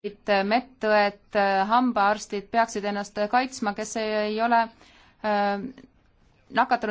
arstid, medõed, hambaarstid peaksid ennast kaitsma, kes ei ole äh, nakatunud